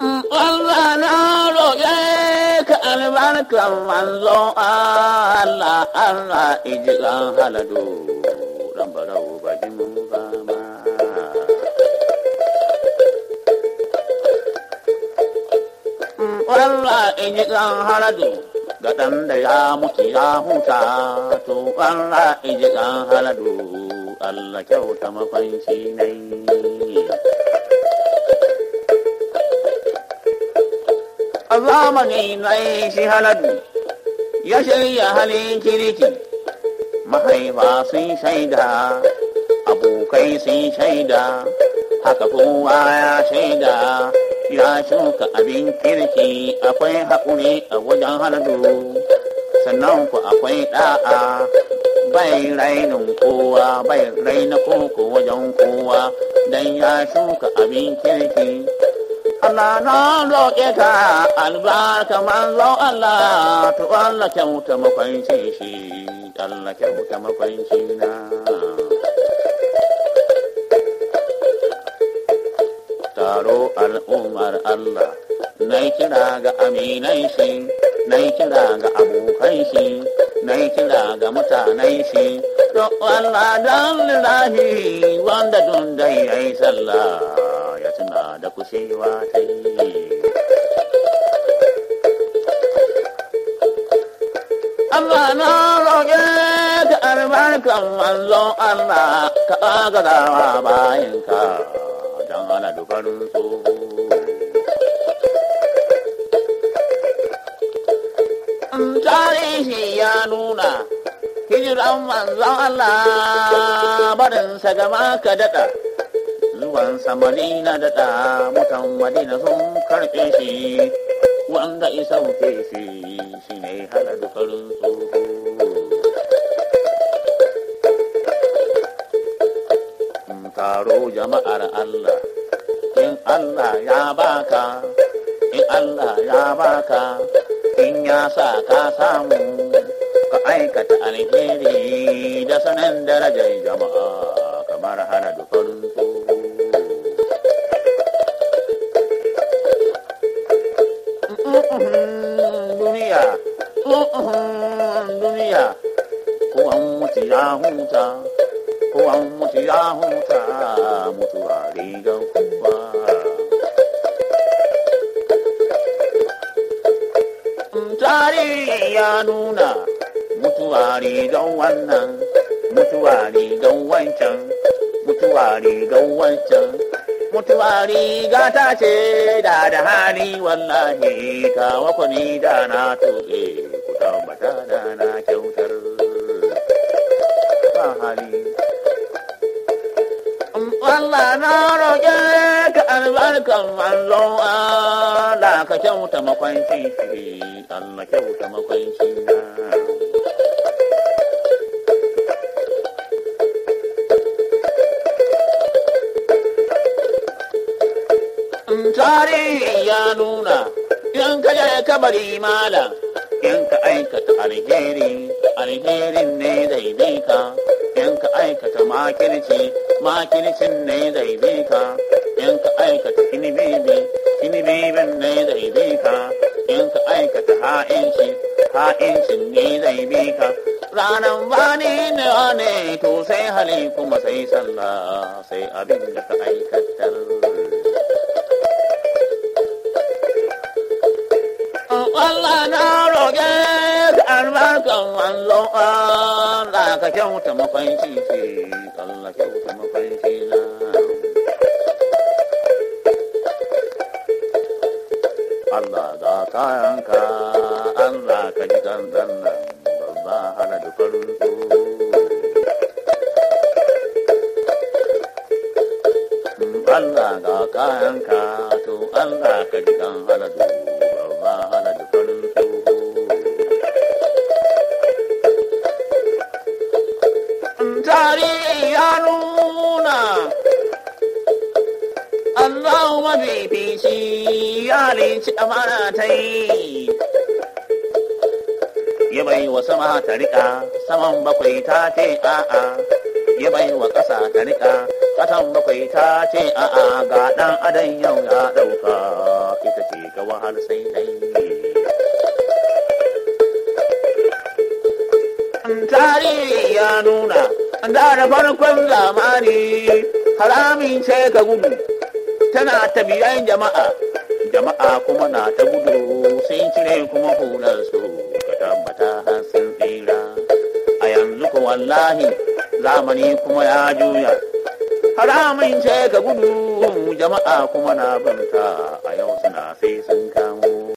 Allah na roƙe ka albarkan manzon Allah Allah ijikan halado ran barau bakin fama. Allah ijikan halado ga ɗan da ya mutu ya huta to Allah ijikan haladu, Allah kyauta makwanci nai. a zamani mai shi haladu ya shirya halin kirki mahaifa sun shaida abokai sun shaida haka kowa ya shaida ya shuka abin kirki akwai haƙuri a wajen haladu sannan ku akwai ɗa'a bai rainin kowa bai raina koko wajen kowa don ya shuka abin kirki Allah na roƙe ka albarka manzon Allah to Allah kyauta makwancin shi Allah kyauta makwancin na taro al'ummar Allah na kira ga aminai shi na kira ga abokan shi na kira ga mutane shi to Allah don lillahi wanda dun dai yayi sallah suna da kusewa ta yi Allah na roƙe ka albarkan manzon Allah ka agadawa bayanka don ana dubarin tsoho. Tarihi ya nuna hijiran manzon Allah barin gama ka daɗa. wansa madina da ɗa mutan madina sun karfe shi wanda isa wuce shi shi ne hana farin tsoho taro jama'ar Allah in Allah ya baka in Allah ya baka in ya sa ka samu ka aikata alheri da sanin darajar jama'a kamar hana farin tsoho ya huta kowa mutu ya huta mutuwa rigar kowa tarihi ya nuna mutuwa rigar wannan mutuwa rigar wancan mutuwa rigar wancan mutuwa riga ta ce da da hali wallahi kawa kwani da na tutse ku tambata da na kyautar kan hali. Allah na roƙe ka albarkan manzon Allah ka kyauta makwanci shi Allah kyauta makwanci na. Tarihi ya nuna in kaje kabari malam in ka aikata alheri alherin ne zai ka in ka aikata makirci makircin ne zai bi ka in ka aikata kinibibi kinibibin ne zai ka in ka aikata ha'inci ha'incin ne zai ka ranar bani ne ne to sai hali kuma sai sallah sai abin da ka aikatar Allah na roƙe ka albarkan manzon Allah ka kyauta ga kayanka to Allah ka ji kan haladu babba tarihi ya nuna Allahu mafifici ya rinci amana ta yi ya bai wa sama ta riƙa saman bakwai ta ce a'a ya bai wa ƙasa ta riƙa ƙasan bakwai ta ce a'a ga ɗan adan yau ya ɗauka ita ce ga wahal sai dai tarihi ya nuna da na farkon zamani haramin ce ka gudu tana tabiyan jama'a jama'a kuma na ta gudu sun cire kuma su ka tabbata har sun tsira a yanzu ku wallahi zamani kuma ya juya haramin ce ka gudu jama'a kuma na banta